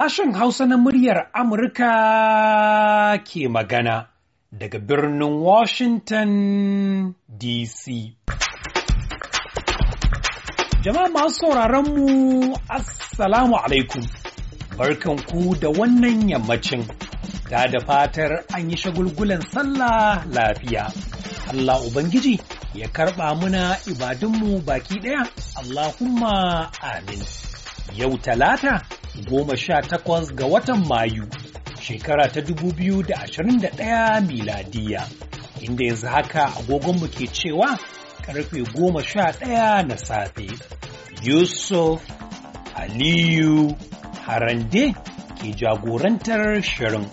Sashen Hausa na muryar Amurka ke magana daga birnin Washington DC. Jama'a masu sauraronmu mu Assalamu alaikum, barkanku da wannan yammacin, ta da fatar an yi shagulgulan sallah lafiya. Allah Ubangiji ya karɓa muna ibadunmu baki ɗaya, Allahumma amin. Yau talata goma sha takwas ga watan Mayu shekara ta dubu biyu da ashirin da ɗaya miladiya inda yanzu haka agogonmu ke cewa karfe goma sha ɗaya na safe. Yusuf Aliyu Harande ke jagorantar shirin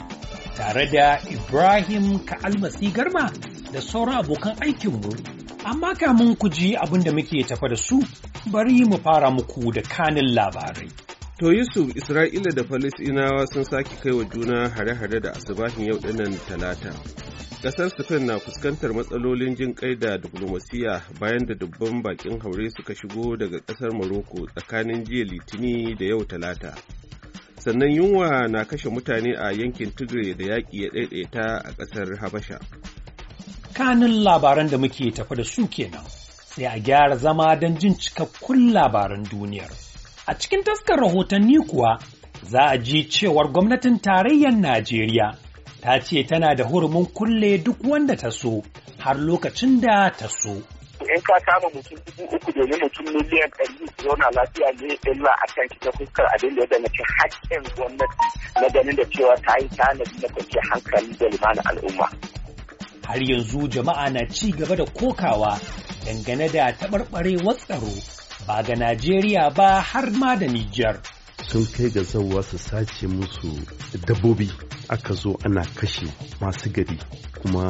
tare da Ibrahim Ka'almasi Garma da sauran abokan aikinmu. Amma kamun ku ji abin da muke tafa da su bari mu fara muku da kanin labarai. To Yusuf Isra'ila da Falisɗinawa sun sake kai wa juna hare-hare da asibahin yau dinnan talata. ƙasar Spain na fuskantar matsalolin jin kai da diplomasiya bayan da dubban bakin haure suka shigo daga ƙasar Morocco tsakanin jiya Litini da yau talata. Sannan yunwa na kashe mutane a yankin Tigray da yaƙi ya ɗaiɗaita a ƙasar Habasha. Kanin labaran da muke tafa da su kenan sai a gyara zama don jin cikakkun labaran duniyar. A cikin taskar rahotanni kuwa za a ji cewar gwamnatin tarayyar Najeriya ta ce tana da hurumin kulle duk wanda ta so har lokacin da ta so. in ka kama mutum dubu uku domin mutum miliyan ɗari zauna lafiya ne illa a kan ta fuskar abin da ya danganci haƙƙin gwamnati na ganin da cewa ta yi tanadi na kwanciyar hankali da limanin al'umma. Har yanzu jama'a na ci gaba da kokawa dangane da taɓarɓarewar tsaro ba ga Najeriya ba har ma da Nijar. Sun kai ga zauwa su sace musu dabbobi aka zo ana kashe masu gari kuma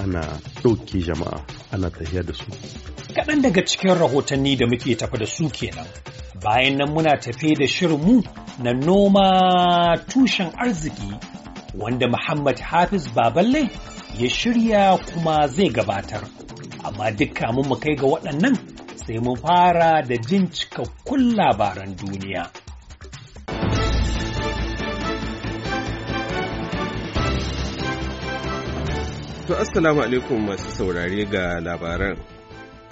ana ɗauke jama'a ana tafiya da su. Kaɗan daga cikin rahotanni da muke tafi da su kenan. Bayan nan muna tafe da shirinmu na noma tushen arziki wanda Muhammad Hafiz Baballe ya shirya kuma zai gabatar. Amma duk mu kai ga waɗannan sai mu fara da jin cikakkun labaran duniya. To Assalamu alaikum masu saurare ga labaran.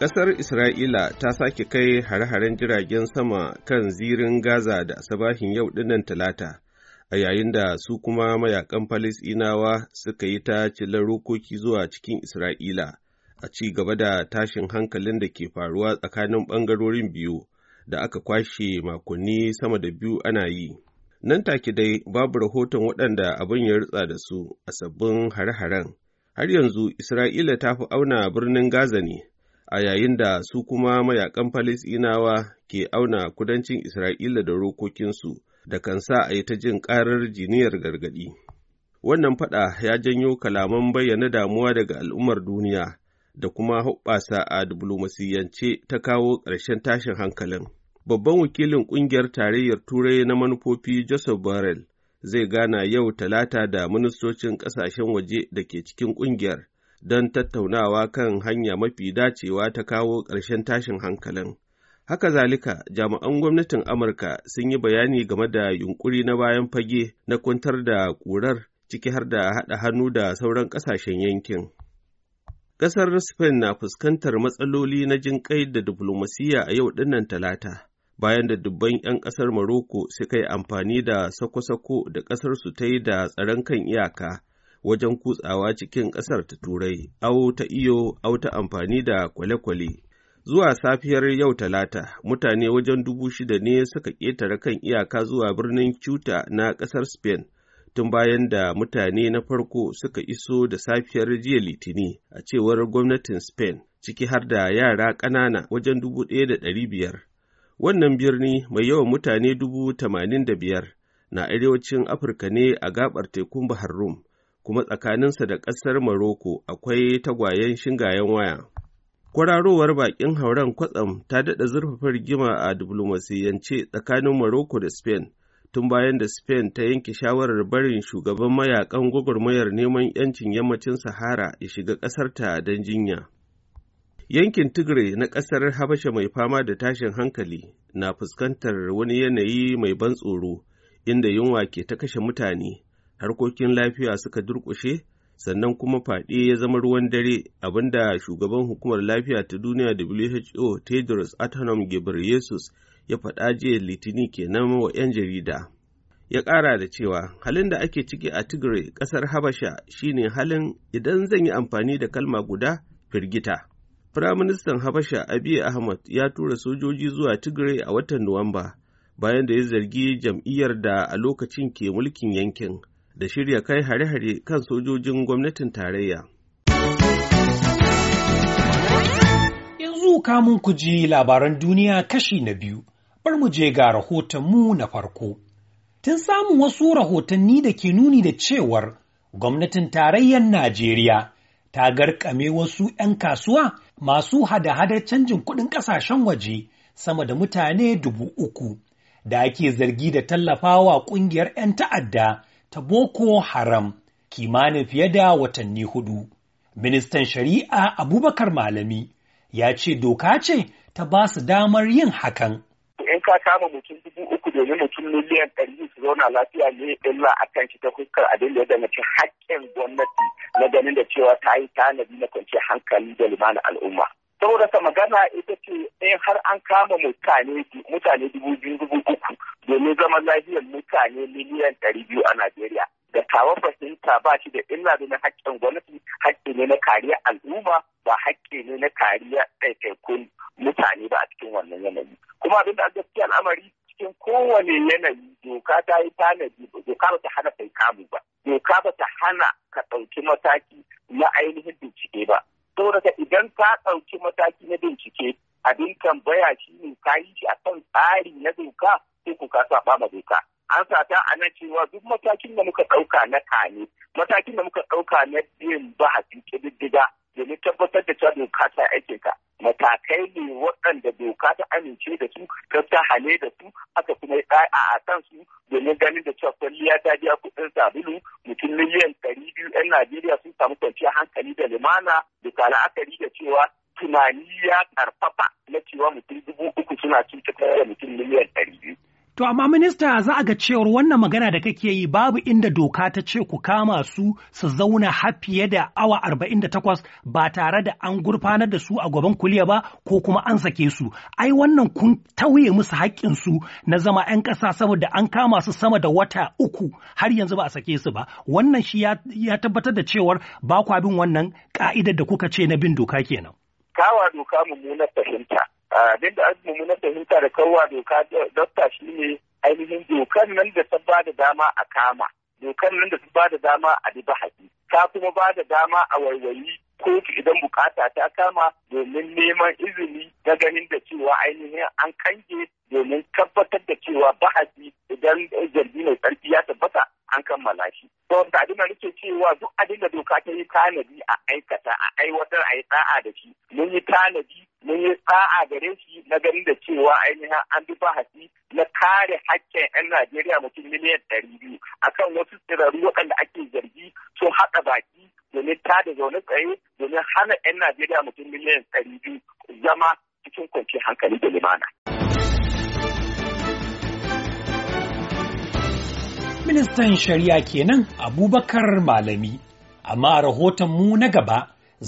Ƙasar Isra'ila ta sake kai hare-haren jiragen sama kan zirin Gaza da sabahin yau dinnan talata, a yayin da su kuma mayakan Falis'inawa suka yi ta cilar rokoki zuwa cikin Isra'ila. a ci gaba da tashin hankalin da ke faruwa tsakanin ɓangarorin biyu da aka kwashe makonni sama da biyu ana yi. Nan take dai babu rahoton waɗanda abin ya rutsa da su a sabbin har haren Har yanzu Isra'ila ta fi auna birnin Gaza ne, a yayin da su kuma mayakan Falisinawa ke auna kudancin Isra'ila da rokokinsu da kan sa a yi ta jin ƙarar jiniyar gargaɗi. Wannan faɗa ya janyo kalaman bayyana damuwa daga al'ummar duniya. da kuma hoɓɓasa a diflomasiyance ta kawo ƙarshen tashin hankalin. Babban wakilin ƙungiyar tarayyar Turai na manufofi Joseph Borrell zai gana yau talata da ministocin ƙasashen waje da ke cikin ƙungiyar don tattaunawa kan hanya mafi dacewa ta kawo ƙarshen tashin hankalin. Haka zalika, jami'an gwamnatin Amurka sun yi bayani game da yunƙuri na bayan fage na kwantar da ƙurar ciki har da haɗa hannu da sauran ƙasashen yankin. Ƙasar Spain na fuskantar matsaloli na jin kai da diflomasiyya a yau dinnan talata, bayan da dubban 'yan ƙasar Morocco suka yi amfani da sako-sako da ƙasar su ta yi da tsaron kan iyaka wajen kutsawa cikin ƙasar ta Turai, au ta iyo, au ta amfani da kwale-kwale. Zuwa safiyar yau talata, mutane wajen dubu shida ne suka ƙetare kan iyaka zuwa birnin Cuta na ƙasar Spain. tun bayan da mutane na farko suka iso da safiyar jiya litini a cewar gwamnatin spain ciki har da yara ƙanana wajen dubu ɗaya da ɗari biyar wannan birni mai yawan mutane dubu tamanin da biyar na arewacin afirka ne a gabar tekun bahar rum kuma tsakaninsa da ƙasar maroko akwai tagwayen shingayen waya kwararowar bakin hauren kwatsam ta daɗa zurfafa rigima a diflomasiyyance tsakanin maroko da Spain tun bayan da Spain ta yanke shawarar barin shugaban mayakan gwagwarmayar neman 'yancin yammacin Sahara ya shiga ƙasarta don jinya. Yankin Tigray na ƙasar Habasha mai fama da tashin hankali na fuskantar wani yanayi mai ban tsoro inda yunwa ke ta kashe mutane, harkokin lafiya suka durƙushe, sannan kuma faɗi ya zama ruwan dare abinda shugaban hukumar lafiya ta duniya WHO Tedros Adhanom Ghebreyesus ya faɗa jiya litini kenan wa 'yan jarida ya ƙara da cewa halin da ake ciki a tigray ƙasar habasha shine halin idan zan yi amfani da kalma guda firgita firaministan habasha abiy ahmad ya tura sojoji zuwa tigray a watan nuwamba bayan da ya zargi jam'iyyar da a lokacin ke mulkin yankin da shirya kai hare-hare kan sojojin gwamnatin tarayya yanzu kamun ku ji labaran duniya kashi na biyu bar mu je ga mu na farko. Tun samun wasu rahotanni da ke nuni da cewar gwamnatin tarayyar Najeriya ta garkame wasu ‘yan kasuwa masu hada-hadar canjin kuɗin ƙasashen waje sama da mutane dubu uku da ake zargi da tallafawa ƙungiyar ‘yan ta'adda ta Boko Haram kimanin fiye da watanni hudu. Ministan Shari'a Abubakar Malami ya ce doka ce ta ba su damar yin hakan. in ka kama mutum dubu uku domin mutum miliyan ɗari su zauna lafiya ne illa a kan shi ta fuskar abin da ya danganci haƙƙin gwamnati na ganin da cewa ta yi tanadi na kwanci hankali da limanin al'umma. saboda ta magana ita ce in har an kama mutane mutane dubu biyu dubu uku domin zaman lafiyar mutane miliyan ɗari biyu a Najeriya. Da kawo fahimta ba shi da illa ne na haƙƙin gwamnati haƙƙi ne na kariya al'umma ba haƙƙi ne na kariya ɗaiɗaikun mutane ba a cikin wannan yanayi. kuma abin da gaskiya al'amari cikin kowane yanayi doka ta yi tanadi doka ba ta hana kai kamu ba doka ba ta hana ka ɗauki mataki na ainihin bincike ba saboda idan ka ɗauki mataki na bincike abin kan baya shi ne ka yi shi a kan tsari na doka sai ku ka saba ma doka an sata a nan cewa duk matakin da muka ɗauka na kane matakin da muka ɗauka na biyan ba a cikin diddiga domin tabbatar da cewa doka ta aikin matakai ne waɗanda doka ta amince da su ta sahale da su aka kuma yi a kan su domin ganin da cewa kwalliya ta biya kuɗin sabulu mutum miliyan ɗari biyu 'yan Najeriya sun samu kwanciyar hankali da limana bisa la'akari da cewa tunani ya ƙarfafa na cewa mutum dubu uku suna cutar da mutum miliyan ɗari biyu. To amma minista za a ga cewar wannan magana da kake yi babu inda doka ta ce ku kama su su zauna har fiye da awa arba'in da takwas ba tare da an gurfanar da su a gaban kuliya ba ko kuma an sake su. Ai wannan kun tauye musu haƙƙin su na zama 'yan ƙasa saboda an kama su sama da wata uku har yanzu ba a sake su ba. Wannan shi ya tabbatar da cewar ba kwa bin wannan ka'idar da kuka ce na bin doka kenan. Kawa doka mummunar fahimta. abin da azumi na fahimta da kawowa doka dokta shi ne ainihin dokar nan da ta ba da dama a kama dokar nan da ta ba da dama a riba haƙi ta kuma ba da dama a waiwayi kotu idan bukata ta kama domin neman izini na ganin da cewa ainihin an kange domin tabbatar da cewa haƙi idan jirgi mai tsarki ya tabbata an kammala shi. Saboda abin da nake cewa duk abin da doka ta yi tanadi a aikata a aiwatar a yi sa'a da shi mun yi tanadi mun yi sa'a gare shi na gani da cewa ainihin an bi bahasi na kare hakken 'yan Najeriya mutum miliyan ɗari biyu akan wasu tsirarru waɗanda ake zargi sun haɗa baki domin ta tada zaune tsaye domin hana 'yan Najeriya mutum miliyan ɗari biyu zama cikin kwanci hankali da limana. Ministan Shari'a kenan Abubakar Malami, amma rahoton mu na gaba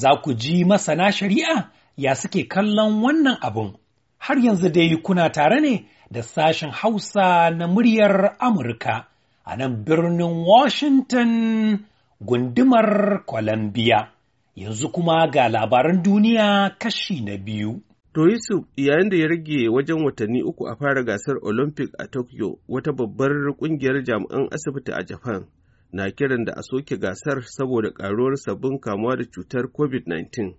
za ku ji masana shari'a ya suke kallon wannan abun. Har yanzu dai kuna tare ne da sashen Hausa na muryar Amurka a nan birnin Washington gundumar Columbia. Yanzu kuma ga labaran duniya kashi na biyu. To Yusuf yayin da ya rage wajen watanni uku a fara gasar Olympic a Tokyo wata babbar kungiyar jami'an asibiti a Japan na kiran da a soke gasar saboda karuwar sabbin kamuwa da cutar COVID-19.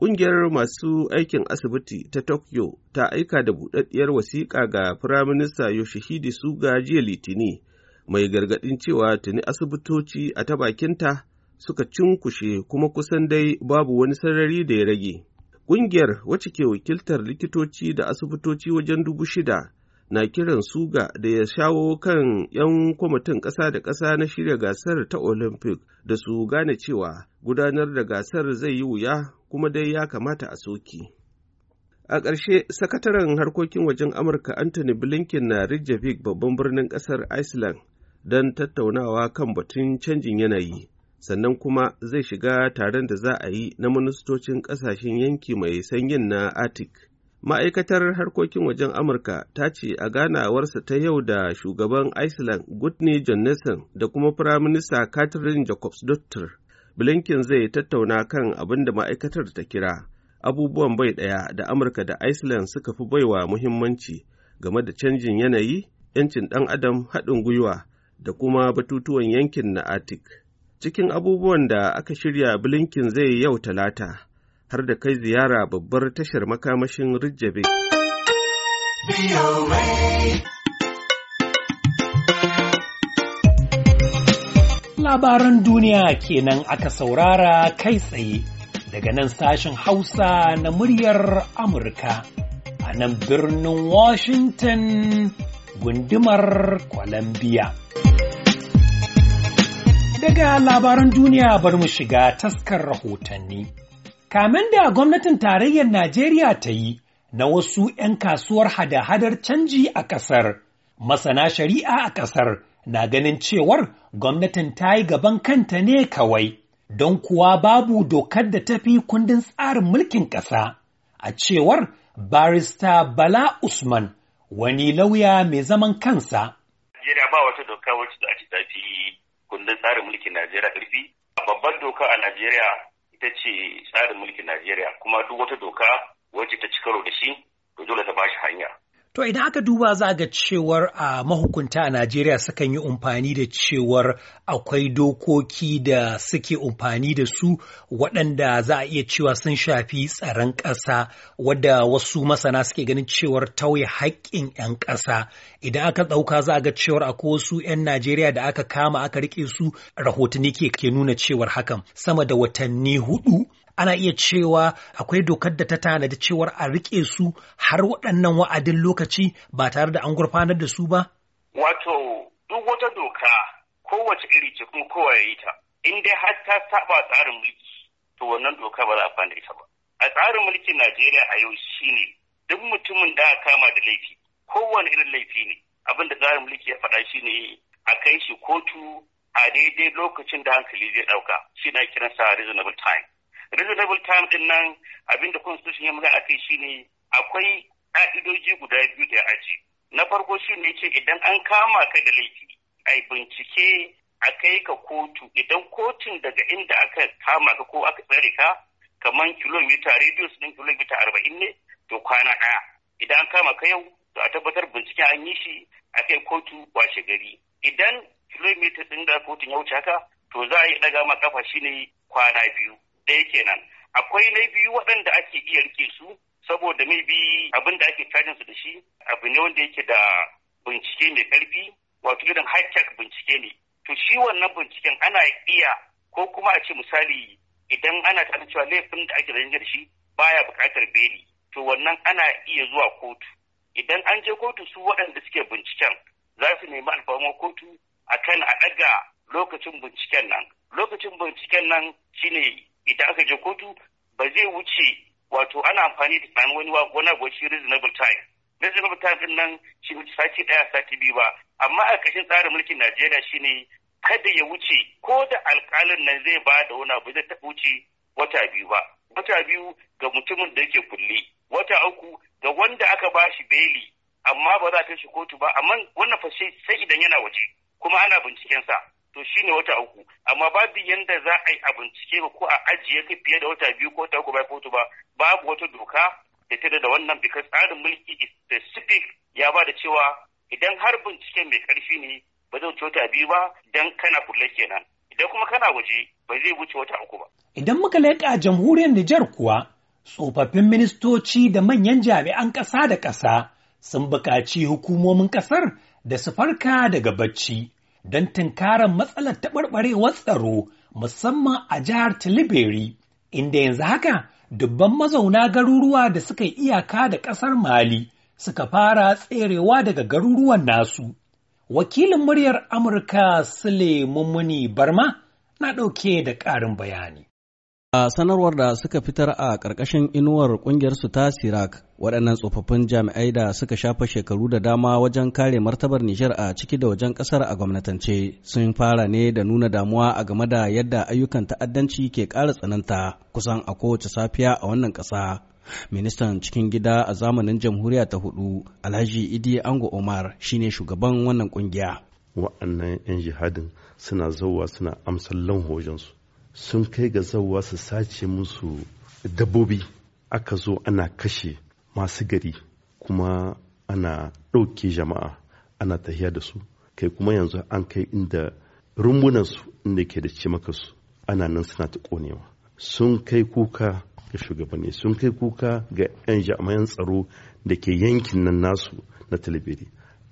Ƙungiyar masu aikin asibiti ta Tokyo ta aika da buɗaɗɗiyar wasiƙa ga Firaminista Yoshihide Suga jiya Litini mai gargaɗin cewa tuni asibitoci a ta bakinta suka cinkushe kuma kusan dai babu wani sarari da ya rage. Ƙungiyar wacce ke wakiltar likitoci da asibitoci wajen dubu shida na kiran suga da ya shawo kan 'yan kwamitin ƙasa da ƙasa na shirya gasar ta Olympic da su gane cewa gudanar da gasar zai yi wuya kuma dai ya kamata a soki. A ƙarshe, sakataren harkokin wajen Amurka Anthony Blinken na Reykjavik babban birnin ƙasar Iceland don tattaunawa kan batun canjin yanayi, sannan kuma zai shiga taron da za a yi na ministocin ƙasashen yanki mai sanyin na Arctic. Ma'aikatar harkokin wajen Amurka ta ce a ganawarsa ta yau da shugaban Iceland Gudni Johnson da kuma Firaminista Catherine Jacobs Dutton blinken zai tattauna kan abin da ma'aikatar ta kira abubuwan bai ɗaya da amurka da iceland suka fi baiwa muhimmanci game da canjin yanayi 'yancin ɗan adam haɗin gwiwa da kuma batutuwan yankin na arctic cikin abubuwan da aka shirya blinken zai yau talata har da kai ziyara babbar tashar makamashin rijjabe. Labaran duniya kenan aka saurara kai tsaye daga nan sashen Hausa na muryar Amurka a nan birnin Washington gundumar Columbia. Daga labaran duniya bar mu shiga taskar rahotanni. Kamin da gwamnatin tarayyar Najeriya ta yi na wasu ‘yan kasuwar hada-hadar canji a ƙasar, masana shari'a a ƙasar na ganin cewar gwamnatin ta yi gaban kanta ne kawai, don kuwa babu dokar da ta fi kundin tsarin mulkin ƙasa. A cewar barista Bala Usman, wani lauya mai zaman kansa. Najeriya ba wata doka wacce da ake tafi kundin tsarin mulkin Najeriya ƙarfi. Babban doka a Najeriya ita ce tsarin mulkin Najeriya kuma duk wata doka wacce ta ci karo da shi to dole ta bashi hanya. To idan aka duba za ga cewar a mahukunta a Najeriya sukan yi umfani da cewar akwai dokoki da suke umfani da su waɗanda za a iya cewa sun shafi tsaron ƙasa wadda wasu masana suke ganin cewar tauye haƙƙin 'yan ƙasa. Idan aka ɗauka za a ga cewar a wasu 'yan Najeriya da aka kama aka riƙe su rahotanni ke nuna cewar hakan sama da watanni hudu ana iya cewa akwai dokar da ta tanadi cewar a rike su har waɗannan wa'adin lokaci ba tare da an gurfanar da su ba? Wato, duk wata doka kowace iri ce kuma kowa ya yi ta, in dai har ta saba tsarin mulki, to wannan doka ba za a fara ita ba. A tsarin mulkin Najeriya a yau shi ne duk mutumin da aka kama da laifi, kowane irin laifi ne. Abin da tsarin mulki ya faɗa shi ne a kai shi kotu a daidai lokacin da hankali zai ɗauka, shi na kiransa reasonable time. reasonable time din nan abinda constitution ya magana akai shine akwai ka'idoji guda biyu da aji na farko shine yace idan an kama ka da laifi ai bincike a kai ka kotu idan kotun daga inda aka kama ka ko aka tsare ka kamar kilomita radius din kilomita arba'in ne to kwana ɗaya idan an kama ka yau to a tabbatar bincike an yi shi a kai kotu washe gari idan kilomita din da kotun ya wuce haka to za a yi ɗaga ma kafa shine kwana biyu ɗaya kenan akwai na biyu waɗanda ake iya rike su saboda mai bi abin da ake cajin su da shi abu ne wanda yake da bincike mai ƙarfi wato irin high bincike ne to shi wannan binciken ana iya ko kuma a ce misali idan ana tare cewa laifin da ake da shi baya buƙatar beli to wannan ana iya zuwa kotu idan an je kotu su waɗanda suke binciken za su nemi alfahamar kotu akan a ɗaga lokacin binciken nan lokacin binciken nan shine idan aka je kotu ba zai wuce wato ana amfani da tsanin wani wani reasonable time reasonable time din nan shi wuce sati daya sati biyu ba amma a ƙarshen tsarin mulkin Najeriya shine kada ya wuce ko da alƙalin nan zai ba da wani abu zai taɓa wuce wata biyu ba wata biyu ga mutumin da yake kulle wata uku ga wanda aka ba shi beli amma ba za ta shi kotu ba amma wannan fashe sai idan yana waje kuma ana bincikensa to shi ne wata uku amma babu yadda za a yi a bincike ba ko a ajiye ka fiye da wata biyu ko ta uku bai kotu ba babu wata doka da ta da wannan bikin tsarin mulki specific ya ba da cewa idan har binciken mai karfi ne ba zai wuce wata biyu ba dan kana kulle kenan idan kuma kana waje ba zai wuce wata uku ba idan muka leƙa jamhuriyar Nijar kuwa tsofaffin ministoci da manyan jami'an ƙasa da ƙasa sun buƙaci hukumomin ƙasar da su farka daga bacci don tunkarar matsalar taɓarɓarewar tsaro musamman a jihar Tilibiri, inda yanzu haka dubban mazauna garuruwa da suka yi iyaka da ƙasar Mali suka fara tserewa daga garuruwan nasu. Wakilin muryar Amurka Sule Mummuni Barma na ɗauke da ƙarin bayani. A sanarwar da suka fitar a ƙarƙashin inuwar ƙungiyarsu ta Sirak, waɗannan tsofaffin jami'ai da suka shafa shekaru da dama wajen kare martabar Nijar a ciki da wajen ƙasar a gwamnatance sun fara ne da nuna damuwa a game da yadda ayyukan ta'addanci ke ƙara tsananta kusan a kowace safiya a wannan ƙasa. Ministan cikin gida a zamanin jamhuriya ta hudu, Alhaji Idi Ango Omar shine shugaban wannan ƙungiya. Wa'annan 'yan jihadin suna zauwa suna amsan lanhojinsu. sun kai ga zauwa su sace musu dabbobi aka zo ana kashe masu gari kuma ana ɗauke jama'a ana tahiya da su kai kuma yanzu an kai inda rumbunansu inda ke da su ana nan suna ta ƙonewa sun kai kuka ga shugabanni sun kai kuka ga 'yan jami'an tsaro da ke yankin nan nasu na talibiri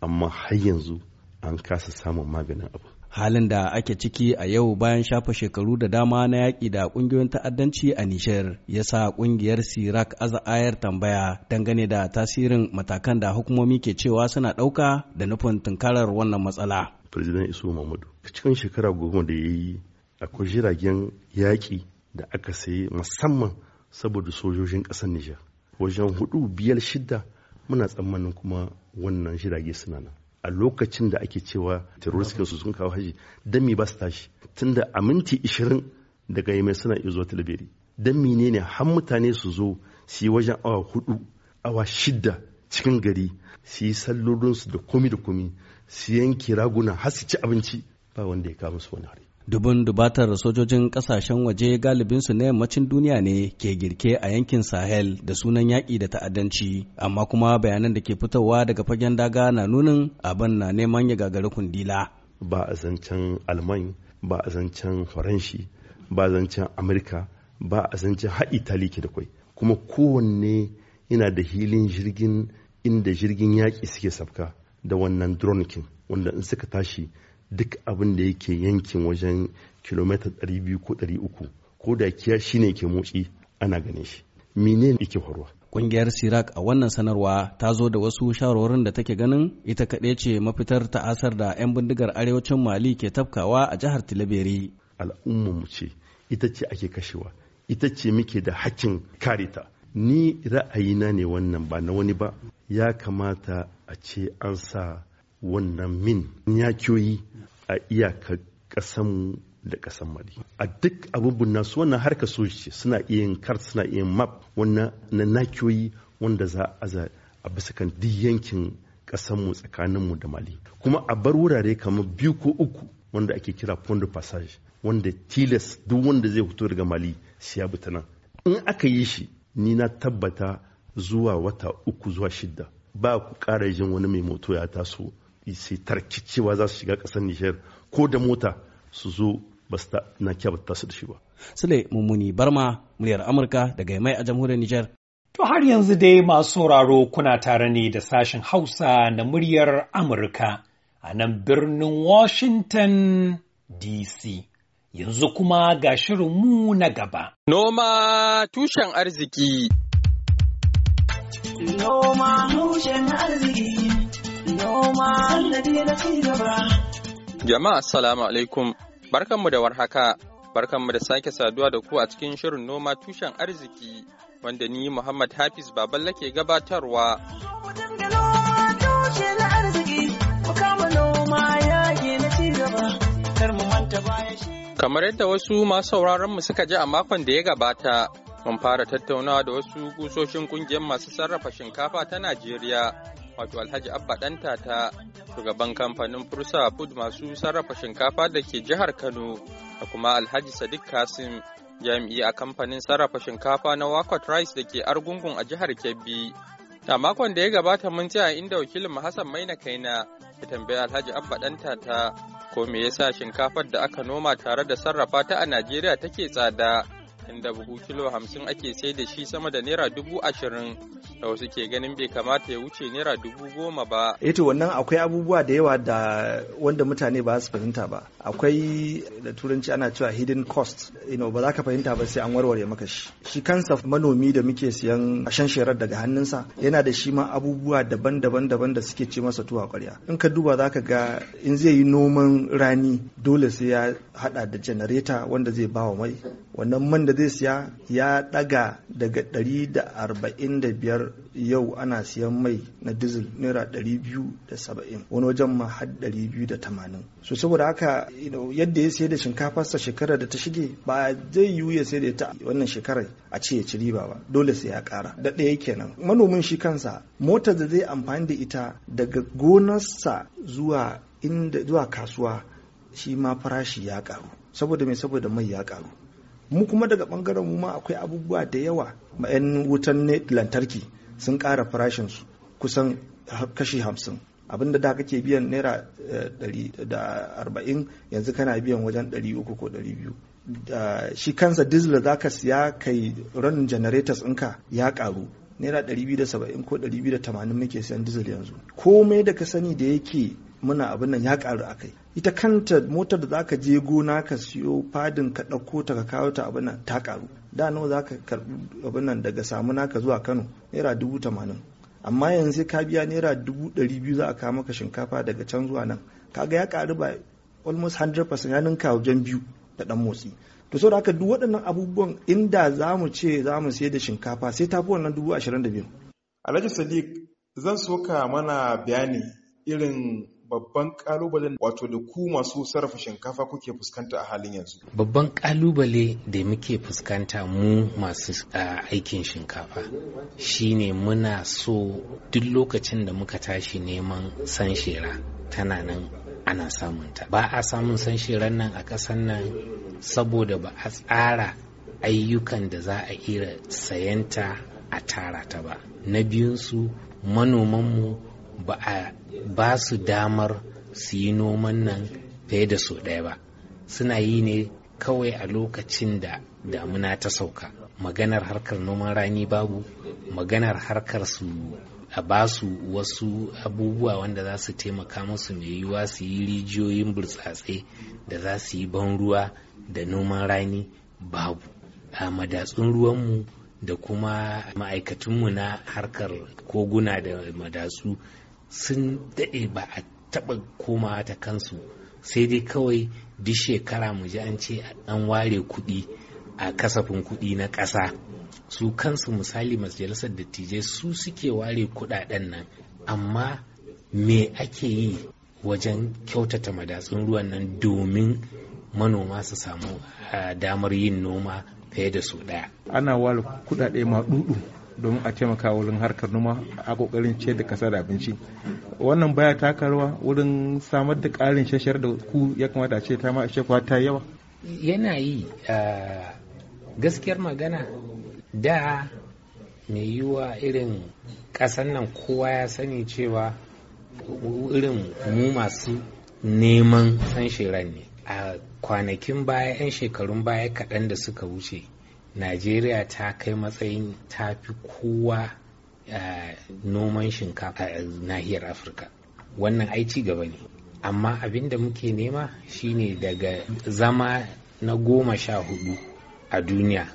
amma har yanzu an kasa samun maganin abu halin da ake ciki a yau bayan shafa shekaru da dama na yaƙi da ƙungiyoyin ta'addanci a Nijar ya sa ƙungiyar Sirak aza'ayar tambaya dangane da tasirin matakan da hukumomi ke cewa suna ɗauka da nufin tunkarar wannan matsala. President Isu Muhammadu cikin shekara goma da ya yi akwai jiragen yaƙi da aka sayi musamman saboda sojojin ƙasar Nijar wajen hudu biyar shidda muna tsammanin kuma wannan jirage suna nan. a lokacin da ake cewa terrorist su sun kawo haji dan mi ba su tashi tunda a minti 20 daga yamai suna iya zuwa talabiri dan ne har mutane su zo su yi wajen awa hudu awa shidda cikin gari su yi sallolinsu da komi da komi su yanke raguna har su ci abinci ba wanda ya kawo musu wani hari dubun dubatar sojojin kasashen waje galibinsu na yammacin duniya ne ke girke a yankin sahel da sunan yaƙi da ta'addanci amma kuma bayanan da ke fitowa daga fagen daga na nunin abin na neman ya gagari kundila ba a zancen alman ba a zancen faranshi ba a zancen amurka ba a zancen har itali ke da kwai kuma kowanne yana da hilin jirgin inda jirgin yaƙi suke sabka da wannan drone wanda in suka tashi duk abin da yake yankin wajen kilomita 200 ko 300 ko da kiya ne ke motsi ana ganin shi mene yake faruwa Ƙungiyar Sirak a wannan sanarwa ta zo da wasu shawarwarin da take ganin ita kaɗai ce mafitar ta'asar da 'yan bindigar arewacin Mali ke tafkawa a jihar Tilaberi. mu ce ita ce ake kashewa, ita ce muke da hakkin karita Ni ra'ayina ne wannan ba na wani ba. Ya kamata a ce an sa wannan min yakiyoyi a iyaka kasan da kasan mali a duk abubuwan nasu wannan harka soji suna iya yin kart suna iya yin map wannan na nakiyoyi wanda za a a bisa kan duk yankin kasanmu, tsakaninmu da mali kuma a bar wurare kamar biyu ko uku wanda ake kira pond passage wanda tilas duk wanda zai fito daga mali siya ya nan in aka yi shi ni na tabbata zuwa wata uku zuwa shidda ba ku ƙara jin wani mai moto ya taso sai tarkicewa za su shiga ƙasar Nijar ko da mota su zo ba su na kyabata su da shi ba. Sule Mummuni Barma, muryar Amurka daga mai a jamhuriyar Nijar. To har yanzu dai masu sauraro kuna tare ne da sashen Hausa na muryar Amurka a nan birnin Washington DC. Yanzu kuma ga mu na gaba. Noma tushen arziki. Noma tushen arziki. Jama'a salamu alaikum barkanmu da warhaka barkanmu da sake saduwa da ku a cikin shirin noma tushen arziki wanda ni Muhammad Hafiz Baballa ke gabatarwa. Kamar yadda wasu masu mu suka ji a makon da ya gabata, mun fara tattaunawa da wasu kusoshin kungiyar masu sarrafa shinkafa ta Najeriya wato alhaji abba danta ta shugaban kamfanin fursa food masu sarrafa shinkafa da ke jihar kano da kuma alhaji sadiq kasim jami'i a kamfanin sarrafa shinkafa na wakot rice da ke argungun a jihar kebbi a makon da ya gabata mun ce a inda wakilin hassan maina kaina ya tambayi alhaji abba danta ta ko me yasa shinkafar da aka noma tare da sarrafa ta a najeriya take tsada inda buhu kilo hamsin ake sai da shi sama da naira dubu ashirin da wasu ke ganin bai kamata ya wuce naira dubu goma ba. Eto eh wannan akwai abubuwa da yawa da wanda mutane ba su fahimta ba. Akwai da turanci ana cewa hidden cost, ino ba za ka fahimta ba sai an warware maka shi. Shi kansa manomi da muke siyan ashen sherar daga hannunsa yana da shi ma abubuwa daban-daban daban da suke ce masa tuwa kwarya. In ka duba za ka ga in zai yi noman rani dole sai ya hada da janareta wanda zai bawa mai. Wannan man da zai ya ya daga daga 145 yau ana siyan mai na dizil naira 270 wani wajen ma har 280 so saboda haka yadda ya sayar da shinkafarsa shekara da ta shige ba zai yiwu ya sayar da ta wannan shekarar a ce ya ci riba ba dole sai ya kara da ɗaya kenan manomin shi kansa motar da zai amfani da ita daga gonarsa zuwa inda zuwa kasuwa shi ma farashi ya karu saboda mai saboda mai ya karu mu kuma daga bangaren mu ma akwai abubuwa da yawa yan wutan ne lantarki sun ƙara farashinsu kusan kashi hamsin abinda da kake biyan naira eh, da arba'in yanzu kana biyan wajen dari uku ko dari biyu shi kansa diesel za ka siya kai ran generators ɗinka ya karu naira dari biyu da saba'in ko dari biyu da tamanin muke siyan diesel yanzu komai da ka sani da yake muna abin nan ya ƙaru a kai ita kanta motar da za ka je gona ka siyo fadin ka ɗauko ta ka kawo ta abin ta karu da nawa zaka karɓi abin nan daga samu naka zuwa Kano naira dubu tamanin amma yanzu sai ka biya naira dubu ɗari biyu za a kawo maka shinkafa daga can zuwa nan kaga ya karu ba almost 100% ya ninka wajen biyu da ɗan motsi to saboda haka duk waɗannan abubuwan inda za mu ce za mu sayar da shinkafa sai ta fi wannan dubu ashirin da biyu. Alhaji Sadiq zan so ka mana bayani irin babban kalubalen wato da ku masu sarrafa shinkafa kuke fuskanta a halin yanzu? Babban kalubale da muke fuskanta mu masu aikin shinkafa shine muna so duk lokacin da muka tashi neman sanshera tana nan ana samunta. Ba a samun sanshera nan a ƙasan nan saboda ba a tsara ayyukan da za a iya sayanta a tara ta ba. Na biyunsu manomanmu ba a ba su damar su yi noman nan fiye da so ɗaya ba suna yi ne kawai a lokacin da damuna ta sauka maganar harkar noman rani babu maganar harkar su a ba su wasu abubuwa wanda za su taimaka musu mai yiwuwa su yi rijiyoyin burtsatse da za su yi ban ruwa da noman rani babu a madatsun ruwanmu da kuma ma'aikatunmu na harkar koguna da madatsu sun daɗe ba a taɓa komawa ta kansu sai dai kawai duk shekara mu ji an ce an ware kuɗi a kasafin kuɗi na ƙasa su kansu misali majalisar dattijai su suke ware kuɗaɗen nan amma me ake yi wajen kyautata madatsun ruwan nan domin manoma su samu ah, damar yin noma fiye da su ɗaya ana ware kuɗaɗe ma ɗuɗu domin a taimaka wurin harkar noma a kokarin ciyar da kasa da abinci wannan baya taka rawa wurin samar da ƙarin shashar da ku ya kamata a ce ta ma shekwa ta yawa yana yi gaskiyar magana da mai yiwuwa irin kasan nan kowa ya sani cewa irin mu masu neman san ne a kwanakin baya 'yan shekarun baya kaɗan da suka wuce najeriya ta kai matsayin ta fi kowa eh, noman shinkafa a nahiyar afirka wannan aici gaba ne amma abin da muke nema shine daga zama na goma sha hudu a duniya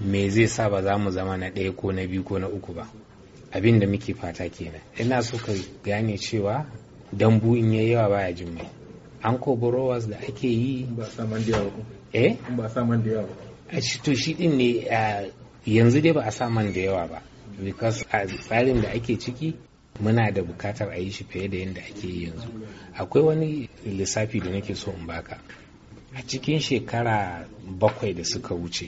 me zai sa ba za mu zama na ɗaya ko na biyu ko na uku ba abin da muke fata kenan ina so ka gane cewa dambu in yi yawa baya jin mai an ko da ake yi ba saman da yawa eh ba saman da yawa a shi to shi din ne yanzu dai ba a sa man da yawa ba because a tsarin da ake ciki muna da bukatar a yi shi fiye da yadda ake yi yanzu akwai wani lissafi da nake so in baka a cikin shekara bakwai da suka wuce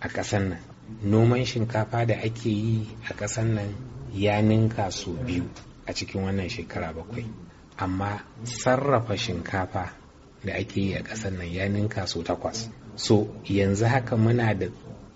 a ƙasar nan noman shinkafa da ake yi a ƙasar nan ya ninka so biyu a cikin wannan shekara bakwai amma sarrafa shinkafa da ake yi a ƙasar nan ya ninka sau takwas so yanzu haka muna da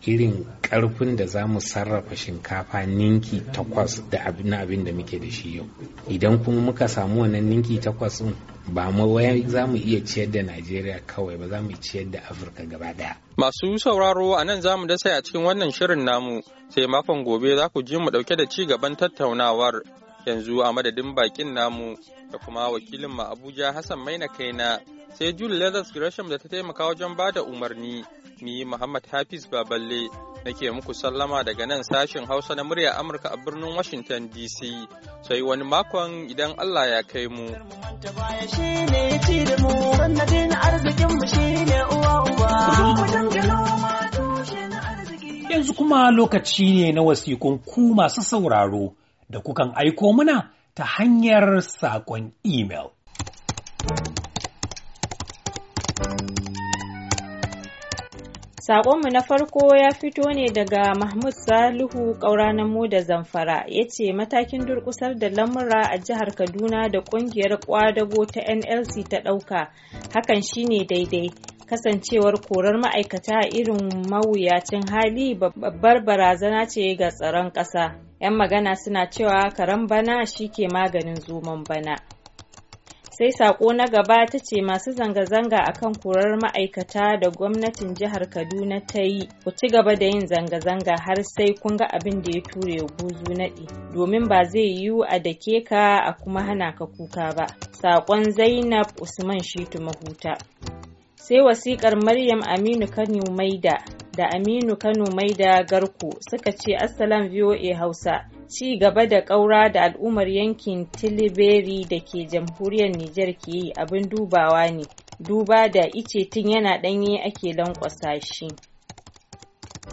irin karfin da za mu sarrafa shinkafa ninki takwas da na abin da muke da shi yau idan kuma muka samu wannan ninki takwas din ba mu wai za mu iya ciyar da najeriya kawai ba za mu ciyar da afirka gaba daya masu sauraro a nan za mu dasa a cikin wannan shirin namu sai makon gobe za ku ji mu dauke da ci gaban tattaunawar yanzu a madadin bakin namu da kuma wakilin mu abuja hassan maina kaina sai Jule Leathers Gresham da ta taimaka wajen ba da umarni, ni Muhammad Hafiz Baballe nake muku sallama daga nan sashen Hausa na murya Amurka a birnin Washington DC, sai wani makon idan Allah ya kai mu. Yanzu kuma lokaci ne na wasikun ku masu sauraro da kukan aiko mana ta hanyar saƙon imel. Saƙonmu na farko ya fito ne daga Mahmud Salihu ƙauranan mu da Zamfara ya ce matakin durƙusar da lamura a jihar Kaduna da ƙungiyar ƙwadago ta NLC ta ɗauka hakan shine daidai. Kasancewar korar ma'aikata a irin mawuyacin hali babbar barazana ce ga tsaron ƙasa. 'Yan magana suna cewa karan bana shi ke maganin zoman bana. sai sako na gaba ta ce masu zanga-zanga a kan kurar ma'aikata da gwamnatin jihar kaduna ta yi ku ci gaba da yin zanga-zanga har sai kun ga abin da ya ture guzu naɗi domin ba zai yiwu a dake ka a kuma hana ka kuka ba sakon zainab usman shitu mahuta sai wasikar maryam aminu kano maida da aminu kano maida garko suka ce assalam voa hausa ci gaba da ƙaura da al'ummar yankin tiliberi da ke jamhuriyar Nijar ke yi abin dubawa ne, duba da ice tun yana ɗanye ake lankwasa shi.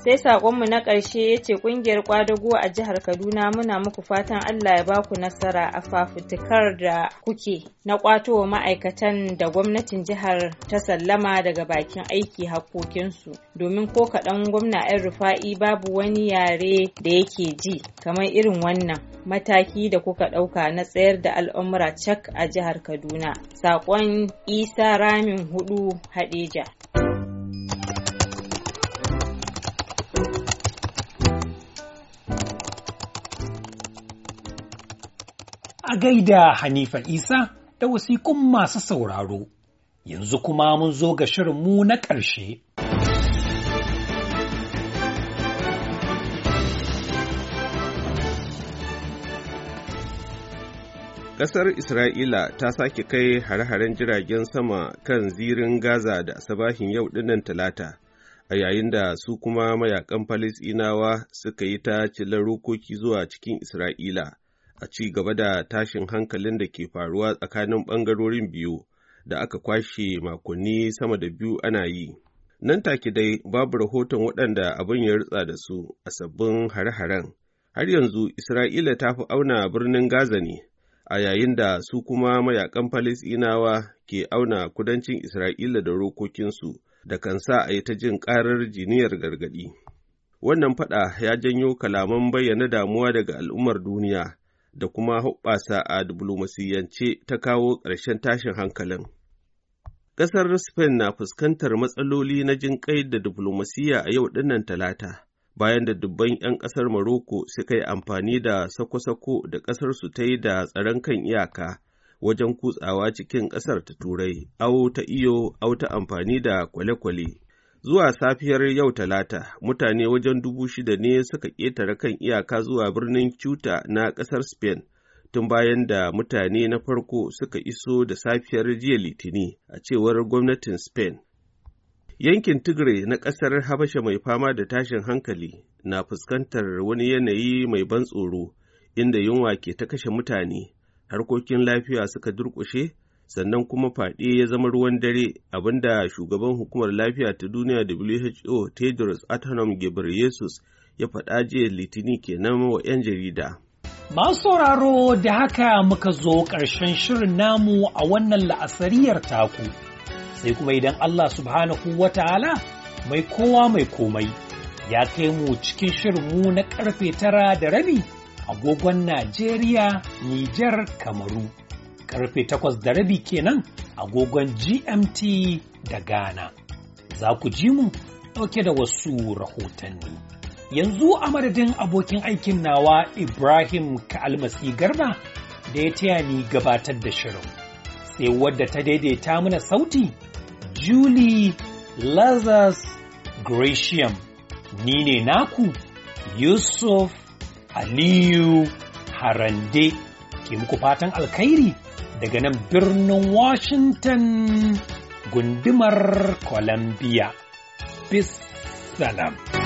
sai saƙonmu na ƙarshe ya ce ƙungiyar ƙwadago a jihar kaduna muna muku fatan allah ya baku nasara a fafutukar da kuke na ƙwato ma'aikatan da gwamnatin jihar ta sallama daga bakin aiki hakkokinsu domin ko kaɗan gwamna yan rufa'i babu wani yare da yake ji kamar irin wannan mataki da kuka ɗauka na tsayar da al'amura cak a jihar kaduna saƙon isa ramin hudu hadeja. a gaida Hanifa Isa da wasiƙun masu sauraro. Yanzu kuma mun zo ga shirinmu na ƙarshe. Ƙasar Isra'ila ta sake kai hare-haren jiragen sama kan zirin Gaza da sabahin yau dinnan Talata, a yayin da su kuma mayakan Falisɗinawa suka yi ta cilar rokoki zuwa cikin Isra'ila. a ci gaba da tashin hankalin da ke faruwa tsakanin ɓangarorin biyu da aka kwashe makonni sama da biyu ana yi. Nan take dai babu rahoton waɗanda abin ya rutsa da su a sabbin hare-haren. Har yanzu Isra'ila ta fi auna birnin Gaza ne, a yayin da su kuma mayakan Falisɗinawa ke auna kudancin Isra'ila da rokokinsu da kan sa a yi ta jin ƙarar jiniyar gargaɗi. Wannan faɗa ya janyo kalaman bayyana damuwa daga al'ummar duniya. da kuma hoɓɓasa a diflomasiyance ta kawo ƙarshen tashin hankalin. Ƙasar Spain na fuskantar matsaloli na jin jinƙai da diflomasiyya a yau dinnan talata, bayan da dubban 'yan ƙasar Maroko suka yi amfani da sako-sako da ƙasar su ta yi da tsaron kan iyaka wajen kutsawa cikin ƙasar ta Turai, au ta iyo, au ta amfani da kwale-kwale. Zuwa safiyar yau Talata, mutane wajen dubu shida ne suka ƙetare kan iyaka zuwa birnin Cuta na ƙasar Spain, tun bayan da mutane na farko suka iso da safiyar jiya Litini a cewar gwamnatin Spain. Yankin Tigray na ƙasar Habasha mai fama da tashin hankali na fuskantar wani yanayi mai ban tsoro, inda yunwa ke ta kashe mutane, harkokin lafiya suka durƙushe. sannan kuma fadi ya zama ruwan dare abinda shugaban hukumar lafiya ta duniya who tedros adhanom ghebreyesus ya faɗa jiya litini kenan wa 'yan jarida masu sauraro da haka muka zo ƙarshen shirin namu a wannan la'asariyar taku sai kuma idan allah subhanahu wata'ala mai kowa mai komai ya kai mu cikin shirinmu na karfe tara da rabi agogon najeriya nijar kamaru karfe takwas da rabi kenan agogon GMT da Ghana. Za ku ji mu ɗauke da wasu rahotanni. Yanzu a madadin abokin aikin nawa Ibrahim Ka'almasi Garba da ya taya ni gabatar da shirin. Sai wadda ta daidaita mana sauti, Julie Lazarus Gratiam. Ni ne naku Yusuf Aliyu Harande ke muku fatan alkhairi. daga nan birnin Washington gundumar Columbia. Bis salam.